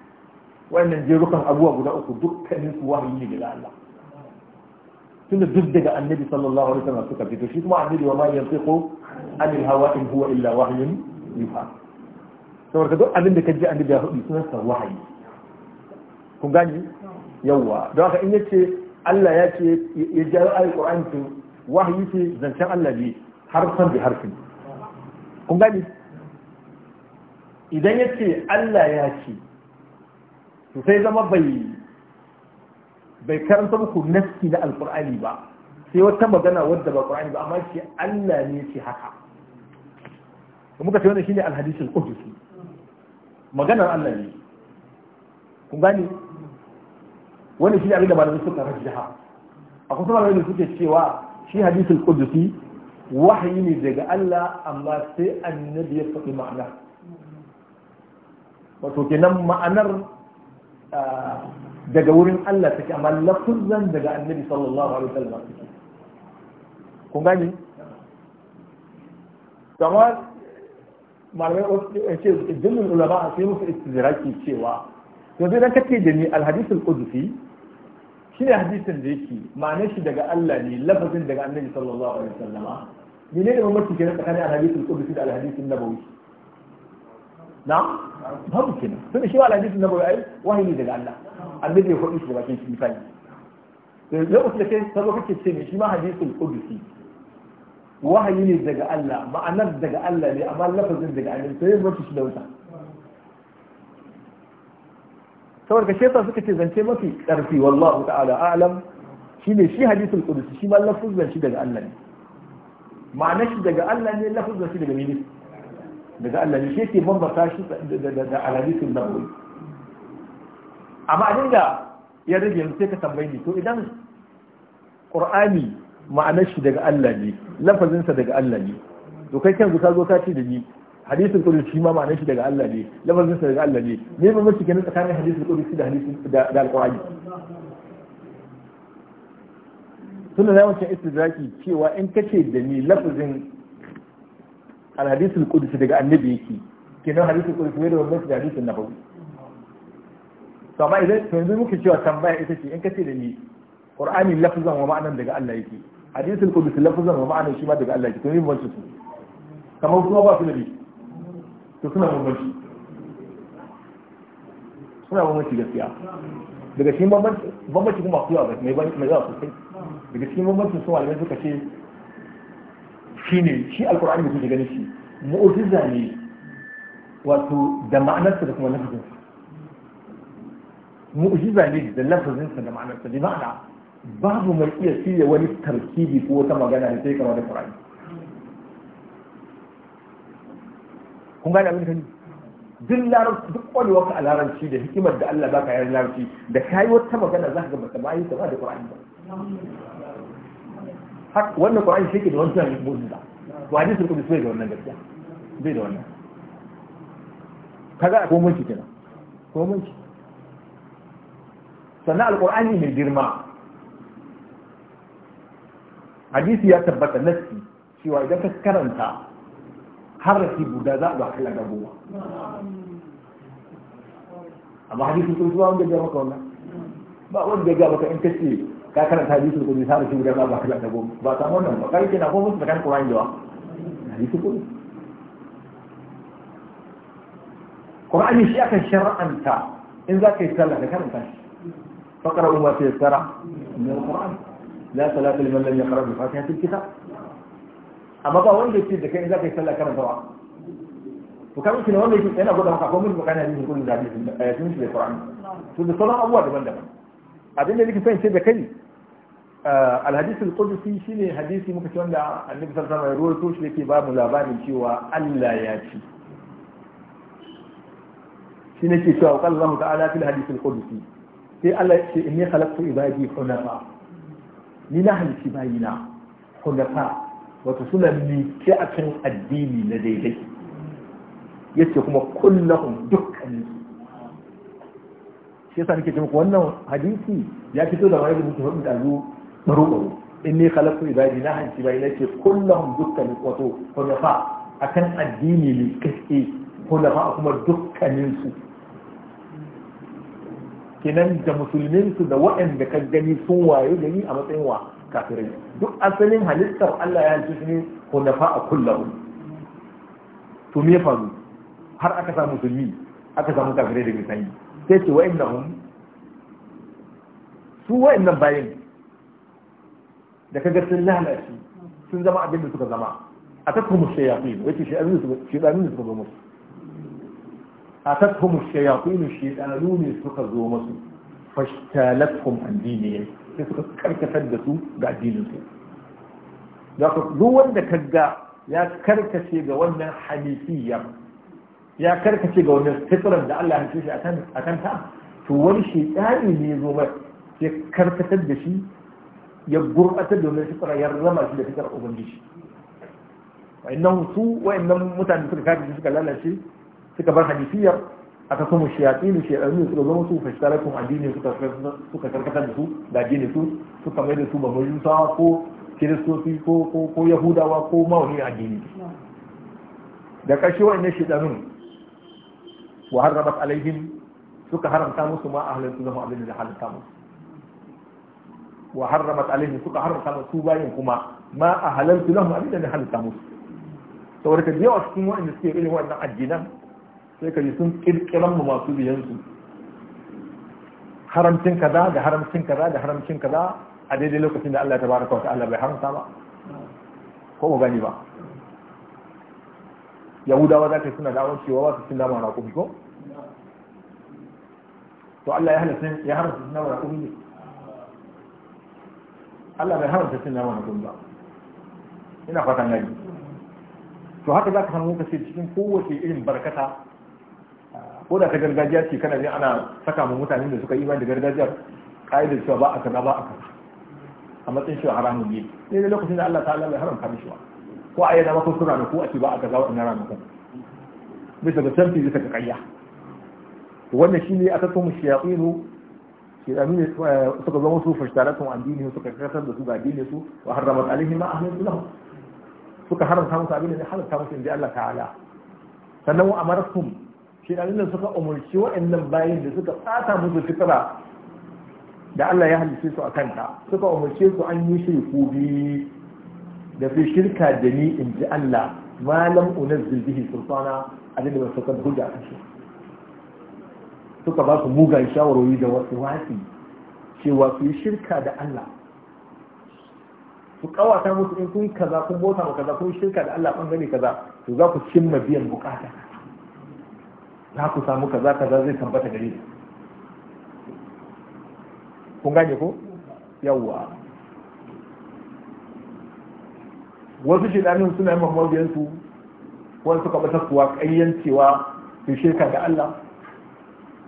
Speaker 1: wannan jerukan abuwa guda uku dukkanin su wahayi ne daga Allah tunda duk daga annabi sallallahu alaihi wasallam suka fito shi kuma annabi wa ma yantiqu anil hawa in huwa illa wahyun yuha saboda duk abin da kaji annabi ya hudu sunan sa wahayi kun gani yawa don haka in yace Allah ya ce ya jawo alqur'ani to wahayi ce zancen Allah ne harfan bi harfin kun gani idan yace Allah ya ce to sai zama bai bai karanta muku nassi na alqur'ani ba sai wata magana wadda ba qur'ani ba amma shi Allah ne ce haka to muka ce wannan shine alhadisul qudsi maganar Allah ne kun gani wannan shine abin da malamai suka rajjaha akwai kuma malamai suke cewa shi hadisul qudsi wahayi ne daga Allah amma sai annabi ya faɗi ma'ana wato kenan ma'anar daga wurin Allah take amma lafuzan daga annabi sallallahu alaihi wasallam kun gani kamar malamai eh, ce jinin ulama sai musu istizraki cewa to zai dan ce da ni alhadisul qudsi shi ne hadisin da yake ma'anar shi daga Allah ne lafazin daga annabi sallallahu alaihi da mamaki ke na tsakanin alhadisul qudsi da alhadisin nabawi نعم هم كنا فين شو على جيس النبوي أي وهي نزل الله النبي يقول إيش بقى كنت مثالي لو أصلك سبب كنت سمع شو ما حديث القدسي وهي نزل الله ما أنا نزل الله لي أما الله فزن زل الله تري طيب، ما تشي دوتا سبب كشيطة سكت زن شيء ما في كرسي يعني والله تعالى أعلم شو شو حديث القدسي شو ما الله فزن شو دل الله ما نشد جا الله لي الله فزن شو دل مين daga Allah ne shi ke bambata shi da alhadisin nabawi amma a dinga ya rage yanzu sai ka tambayi ni to idan qur'ani ma'anar shi daga Allah ne lafazinsa daga Allah ne to kai kan ka zo ka ce da ni hadisin shi ma ma'anar shi daga Allah ne lafazinsa daga Allah ne me ba mace kenan tsakanin hadisin qudsi da hadisin da alqur'ani tunda na wancan istidraki cewa in kace da ni lafazin alhadisul qudsi daga annabi yake kenan hadisul qudsi bai da wannan da hadisin nabawi idan yanzu cewa tambaya ita ce in kace da ni qur'ani lafzan wa ma'anan daga Allah yake hadisul qudsi lafzan wa ma'anan shi ma daga Allah yake to ni ban su kamar kuma ba su to suna bambanci suna gaskiya daga cikin bambanci kuma su yawa mai mai yawa sosai daga cikin bambancin su malamai suka ce shi ne shi alkur'ani da kuke ganin shi mu'ujiza ne wato da ma'anarsa da kuma lafazinsa mu'jiza ne da lafazinsa da ma'anarsa bi ma'ana babu mai iya shirya wani tarkibi ko wata magana da sai kama da Qur'ani kun gane abin da ni duk larabci duk kwalewar ka a larabci da hikimar da Allah baka yayin larabci da kai wata magana za ka ga bata bayi ta ba da Qur'ani ba wannan Qur'ani shi ke da wani wannan mu'jiza to hadisul qudsi da wannan gaskiya bai da wannan kaga akwai mulki kenan ko mulki sannan alqur'ani mai girma hadisi ya tabbata nassi cewa idan ka karanta harafi guda za a ba kala da goma amma hadisi sun zuwa wanda ya maka wannan ba wanda ya ga maka in kace ka karanta hadisi ko ne harafi guda za a ba kala da goma ba ta wannan ba kai kina ko musu da kan Qur'ani jawa hadisi ko ƙur'ani shi aka shar'anta in za ka yi sallah da karanta shi fakar umma ta yassara min alquran la salata liman lam yaqra bi ya kitab amma ba wanda yake da kai in za ka yi sallah wa? to kan shi ne wanda yake yana gwada maka ko mun magana ne kun da ayatin shi da qur'ani to da sauran abubuwa daban-daban abin da nake son ce da kai eh, alhadisi al-qudsi shine hadisi muka ce wanda annabi sallallahu alaihi wasallam ya rawaito shi yake ba mu labarin cewa Allah ya ci shi nake cewa qala Allah ta'ala fil hadith al-qudsi sai Allah ya ce inni khalaqtu ibadi hunafa ni na halici bayina hunafa wato suna miƙe akan addini na daidai yace kuma kullahum dukkan shi yasa nake cewa wannan hadisi ya fito da wani rubutu hudu da zu baro baro inni khalaqtu ibadi na hanci bayina ce kullahum dukkan wato hunafa akan addini ne kaske hunafa kuma dukkanin su Kinan da musulmin su da waɗanda ka gani sun waye gani a matsayin wa kafirai duk asalin halittar Allah ya ji ne hunafa a kullahu to me faru har aka samu musulmi aka samu kafirai da misali sai ce wa'annahum su wa'annan bayan da kaga sun lalace sun zama abin da suka zama a tattu musu shayatin wace shayatin da suka zo musu atathum shi shaytanu ne suka zo musu fashtalatkum an dinihim sai suka karkatar da su ga addinin su ku duk wanda kaga ya karkace ga wannan hanifiyya ya karkace ga wannan fitran da Allah ya shi akan akan ta to wani shaytani ne zo mai ya karkatar da shi ya gurbatar da wannan fitra ya rama shi da fitar ubangiji wa'annan su wa'annan mutane suka kafi suka lalace suka bar hadisiyar aka kuma shayatinu su da zama su fashtarakum addini suka karkatar da su da addini su suka mai da su ba majusawa ko kiristoci ko yahudawa ko mawani addini da ƙarshe shi shayatinu wa harrabat alaihim suka haramta musu ma a halittu zama abin da halitta musu wa harramat alaihim suka haramta musu bayan kuma ma a halittu zama abin da halitta musu saboda ka biya a cikin wa'anda suke irin addinan sai ka sun kirkiran mu masu biyan su haramcin kaza da haramcin kaza da haramcin kaza a daidai lokacin da Allah ta baraka wa ta'ala bai haramta ba ko ba gani ba yahudawa za ka suna dawon cewa ba su cin nama kuma ko to Allah ya halatta ya haramta cinna nama kuma ne Allah bai haramta cinna nama kuma ba ina fatan gani to haka za ka samu lokaci cikin kowace irin barkata ko da ta gargajiya ce kana ne ana saka mu mutanen da suka yi da gargajiyar ka'idar cewa ba a kaza ba a kaza a matsayin cewa haramun ne ne dai lokacin da Allah ta'ala bai haramta mishi ba ko a yana maka sura da ko a ce ba a kaza wa'annan ranakun bisa ga canfi bisa ga kayya wannan shi ne aka tsohon shayatsinu shayatsinu mini eh, suka zama su fashtaratun addini suka kasar da su ga addini su wa harramat alaihi ma ahlin su suka haramta musu abin da ne haramta musu inda Allah ta'ala sannan wa amarkum shi da suka umarci waɗannan bayan da suka tsata musu fitira da Allah ya halice su a kanta suka umarce su an yi shirku bi da fi shirka da ni in ji Allah malam unar bihi sultana abinda ba su kan hujja a shi suka ba su mugan shawarwari da wasu wasi cewa su yi shirka da Allah su kawata musu in kun kaza kun bota ma kaza kun shirka da Allah bangare kaza to za ku cimma biyan bukata za ku samu kaza kaza zai tabbata gare ni kun gane ko yawwa wasu shidanin suna yi mahimmansu wani suka bata kuwa kayyancewa su sheka da Allah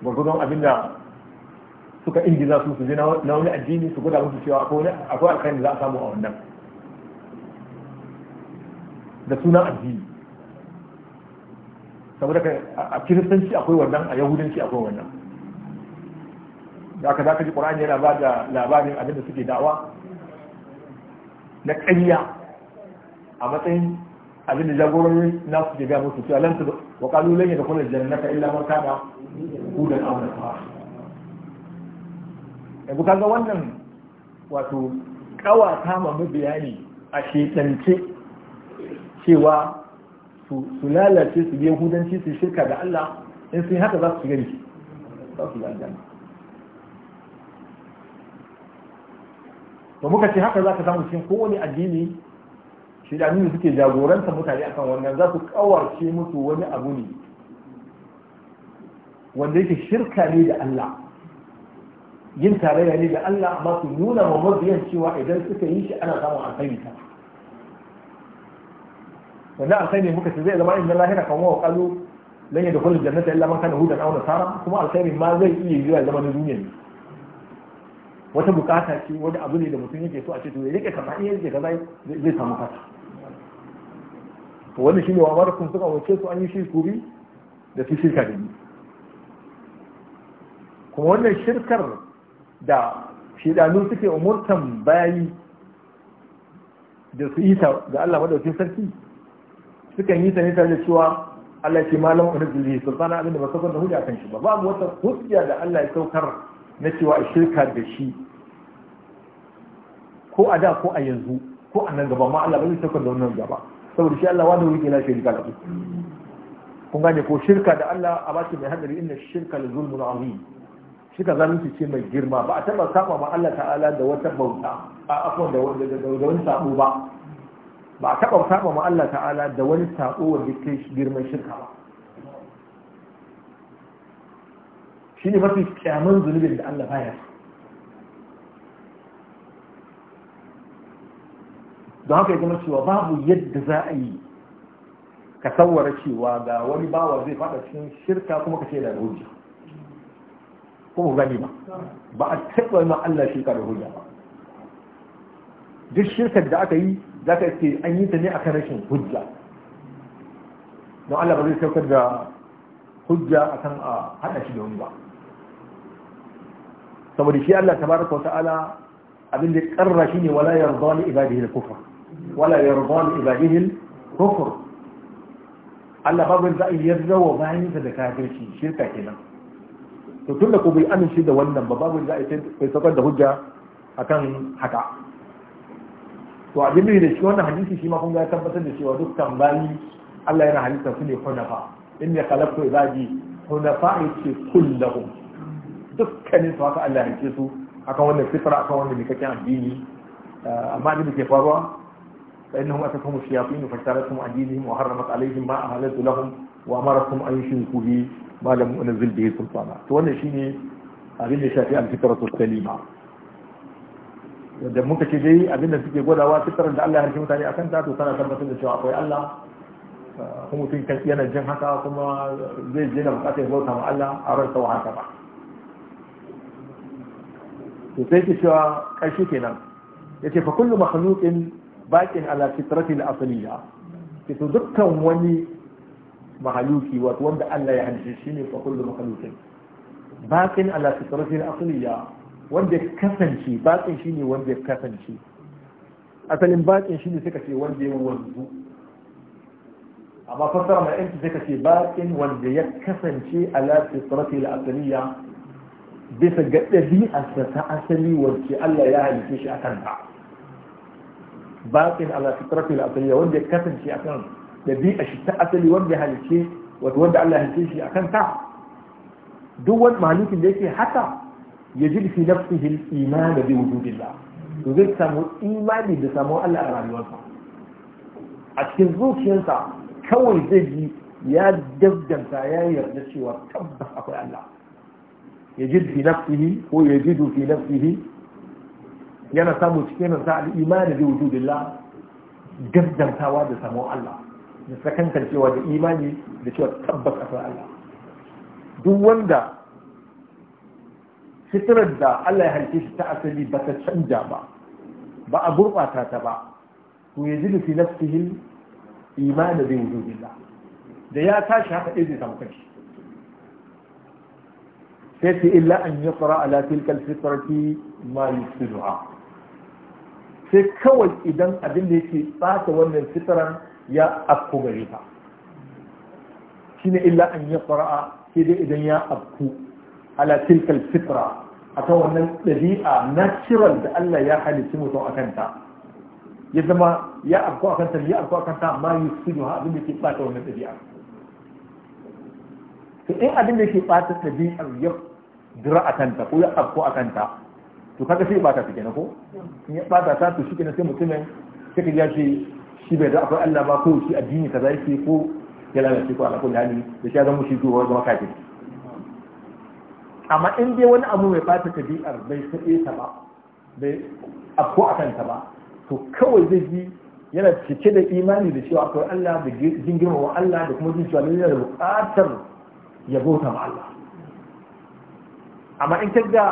Speaker 1: gwargwadon abinda suka ingiza su su ji na wani addini su guda musu cewa akwai da za a samu a wannan da sunan addini saboda ka a kiristanci akwai wannan a yahudanci akwai wannan da aka zaka ji qur'ani yana ba da labarin abin da suke da'awa na ƙanya a matsayin abin da jagororin na su ke gaya musu cewa lan su wa qalu lan yadkhulu jannata illa man kana hudan aw nasara yanzu kaga wannan wato kawata ma bayani a shekance cewa su lalace su bi yahudanci su shirka da Allah in sun haka za su gani, za su aljanna to muka ce haka za ka samu cikin kowane addini shi da nuna suke jagoranta mutane akan wannan za su kawarce musu wani abu ne wanda yake shirka ne da Allah yin tarayya ne da Allah amma su nuna mamabiyan cewa idan suka yi shi ana samun alkhairi wanda alkhairi muka ce zai zama inda lahira kamar wa kalu da yadkhulul jannata illa man kana hudan auna nasara kuma alkhairi ma zai iya zuwa zama na duniya ne wata bukata ce wani abu ne da mutum yake so a ce to ya rike kaza in ya rike kaza zai samu fata to wannan shine wa kun suka wace su an yi shirku bi da su shirka da ni kuma wannan shirkar da shidanu suke umurtan bayi da su isa ga Allah madaukin sarki sukan yi sanita tare da cewa Allah ya ce malam wani zulhi sultana abinda ba saukar da hujja kan shi ba babu wata hujja da Allah ya saukar na cewa a shirka da shi ko a da ko a yanzu ko a nan gaba ma Allah ba zai saukar da wannan gaba saboda shi Allah wani wuri shi shirka da kun gane ko shirka da Allah a bashi mai hadari inda shirka da zulmun azim shirka zalunci ce mai girma ba a taba saba ma Allah ta'ala da wata bauta a afwan da wani sabo ba ba a taɓa saba ma Allah ta'ala da wani saɓo wanda ke girman shirka ba shi ne mafi kyaman zunubin da Allah baya don haka ya zama cewa babu yadda za a yi ka tsawara cewa ga wani bawa zai faɗa cikin shirka kuma ka ce da hujja kuma gani ba ba a taɓa ma Allah shirka da hujja ba duk shirkar da aka yi za ka ce an yi ta ne a kan rashin hujja don Allah ba zai saukar da hujja akan a haɗa shi da wani ba saboda shi Allah tabaraka wata'ala abin da karra shi ne wala yarda li ibadihi al-kufr wala yarda li ibadihi al-kufr Allah babu za a yarda wa bayinsa da kafirci shirka kenan to tun da ku bai amince da wannan ba babu za a yi saukar da hujja akan haka to a jami'i da shi wannan hadisi shi ma kun ga tabbatar da cewa dukkan bayi Allah yana halitta su ne hunafa inni khalaqtu ibadi hunafa yace kullahum dukkanin su haka Allah ya ce su akan wannan fitra akan wannan mikakken addini ah, amma abin da ke faruwa فإنهم أتتهم الشياطين فاجتالتهم عن دينهم وحرمت عليهم ما أهلت لهم وأمرتهم أن يشركوا به ما لم أنزل به سلطانا. وأنا شيني أبين شافي الفكرة السليمة. da muka ce dai abinda suke gwadawa fitar da Allah ya harshe mutane akan ta to kana tabbatar da cewa akwai Allah kuma mutum kan yana jin haka kuma zai je da bukatar bauta ma Allah a ransa wa haka ba to sai ke cewa ƙarshe kenan ya ce fa kullu makhluqin baqin ala fitratil asliya ke to dukkan wani mahaluki wato wanda Allah ya halice shi ne fa kullu makhluqin baqin ala fitratil asliya wanda ya kasance bakin shi ne wanda ya kasance asalin bakin shi ne suka ce wanda ya wanzu amma fassara mai yanki suka ce bakin wanda ya kasance ala fitrati al-asliya bisa ga ɗabi'arsa ta asali wacce Allah ya halice shi akan ta bakin ala fitrati al-asliya wanda ya kasance a akan ɗabi'ar shi ta asali wanda ya halice wato wanda Allah ya halice shi akan ta duk wani mahalukin da yake haka yajid fi nafsihi al-iman bi wujudillah to zai samu imani da samu Allah a rayuwarsa a cikin zuciyarsa kawai zai ji ya dabdanta ya yarda cewa tabbas akwai Allah yajid fi nafsihi ko yajidu fi nafsihi yana samu cikin sa al-iman bi wujudillah dabdantawa da samu Allah da sakankancewa da imani da cewa tabbas akwai Allah duk wanda Fitirar da Allah ya halice shi ta asali ba ta canja ba ba a gurɓata ta ba to ya ji fi nafsihi imani bi wujudillah da ya tashi haka ɗaya zai samu kanshi sai ce illa an yi fara ala tilkal fitrati ma yusduha sai kawai idan abin da yake tsata wannan fitaran ya afku gare ta shine illa an yi fara sai dai idan ya afku ala tilkal fitra akan wannan ɗabi'a natural da Allah ya halicci mutum a kanta ya zama ya afko a kanta ya afko a kanta amma yi su ha abin da ke ɓata wannan ɗabi'a to in abin da ke ɓata ɗabi'ar ya dira a kanta ko ya afko a kanta to kaga sai ɓata ta kenan ko in ya ɓata ta to shi kenan sai mutumin sai ya ce shi bai da akwai Allah ba ko shi addini kaza yake ko ya lalace ko ala kulli hali da shi ya zama shi zuwa zama kafin amma in dai wani abu mai fata tabi'ar bai saɓe ta ba bai afko a kanta ba to kawai zai ji yana cike da imani da cewa akwai Allah da jin girmama Allah da kuma jin cewa yana da buƙatar ya bauta ma Allah amma in kaga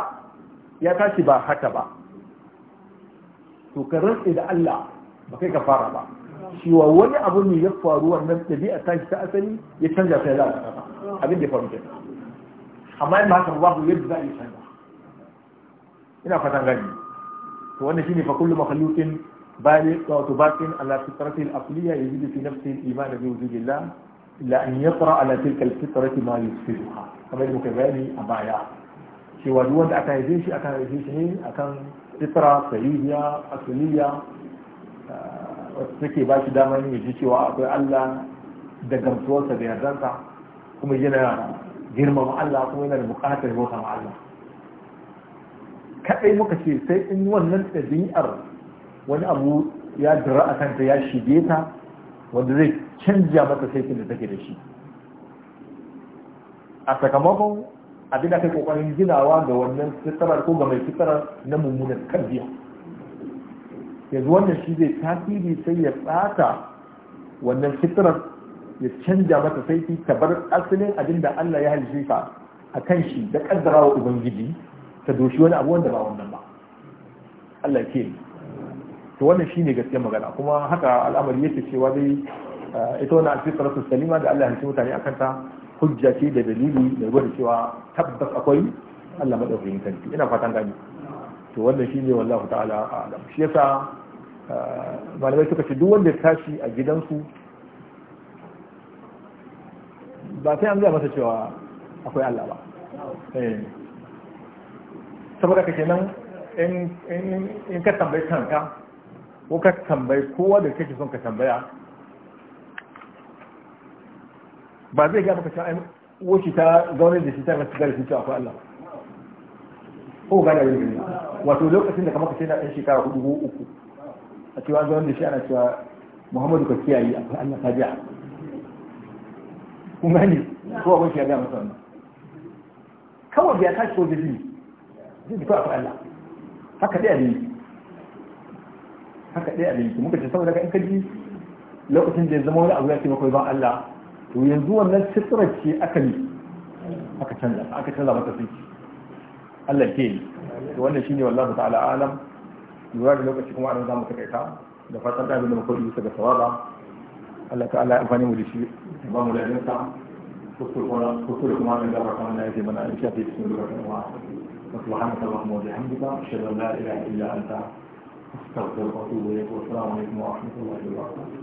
Speaker 1: ya tashi ba haka ba to ka rantse da Allah ba kai ka fara ba cewa wani abu ne ya faru wannan ɗabi'a shi ta asali ya canza sai lalata abin da ya faru kenan amma in ba haka babu yadda za a yi canza ina fatan gani to wannan shine fa kullu makhluqin baliq wa tubatin ala fitrati al-asliya yajidu fi nafsi al-iman bi wujudillah illa an yaqra ala tilka al-fitrati ma yusfiduha kamar da muka a baya cewa duk wanda aka haife shi aka haife shi ne akan fitra sahihiya asliya eh, wacce take ba shi damar yin ji cewa akwai Allah da gamsuwarsa da yardansa kuma yana girmama Allah kuma yana da buƙatar bauta ma Allah kaɗai muka ce sai in wannan ɗabi'ar wani abu ya dira a kanta ya shige ta wanda zai canja masa saifin da take da shi a sakamakon abin da kai kokarin ginawa ga wannan fitarar ko ga mai fitarar na mummunan tarbiya yanzu wannan shi zai tasiri sai ya tsata wannan fitarar ya canja mata saiti ta bar asalin abin da Allah ya halice ka a kan shi da kaddara wa ubangiji ta doshi wani abu wanda ba wannan ba Allah ke to wannan shine gaskiyar magana kuma haka al'amari yake cewa dai eh, ita wannan alfiqratu salima da Allah ya halice mutane akan ta hujja ce da dalili da gwada cewa tabbas akwai Allah madaukakin sarki ina fatan gani to wannan shine wallahu ta'ala a'lam shi yasa eh, malamai suka ce duk wanda ya tashi a gidansu ba sai an zai masa cewa akwai Allah ba eh. saboda ka kenan in ka tambayi kanka ko ka tambayi kowa da kake son ka tambaya ba zai gaba maka cewa ai ta zaune da shi ta masu gari shi ce akwai Allah ko ga da yin wato lokacin da kamar ka na ɗan shekara hudu ko uku a cewa zaune da shi ana cewa Muhammadu ka kiyaye akwai Allah ta biya kun gane ko abin shi ya gaya masa wannan kawai bai tashi ko jirgi zai ji kawai Allah haka dai abin haka dai abin muka ce saboda in ka ji lokacin da ya zama wani abu ya ce bakwai ba Allah to yanzu wannan sitrar ce aka yi aka canza aka canza mata sai Allah ke yi to wannan shine wallahi ta'ala alam lura da lokaci kuma a an zamu takaita da fatan da abin da muka yi ga sawaba Allah ta'ala ya amfani mu da shi ba mu da jinsa kuskure kuma mai gaba kamar na yake mana a shafi cikin lokacin wa سبحانك اللهم وبحمدك أشهد أن لا إله إلا أنت أستغفرك وأتوب إليك والسلام عليكم
Speaker 2: ورحمة الله وبركاته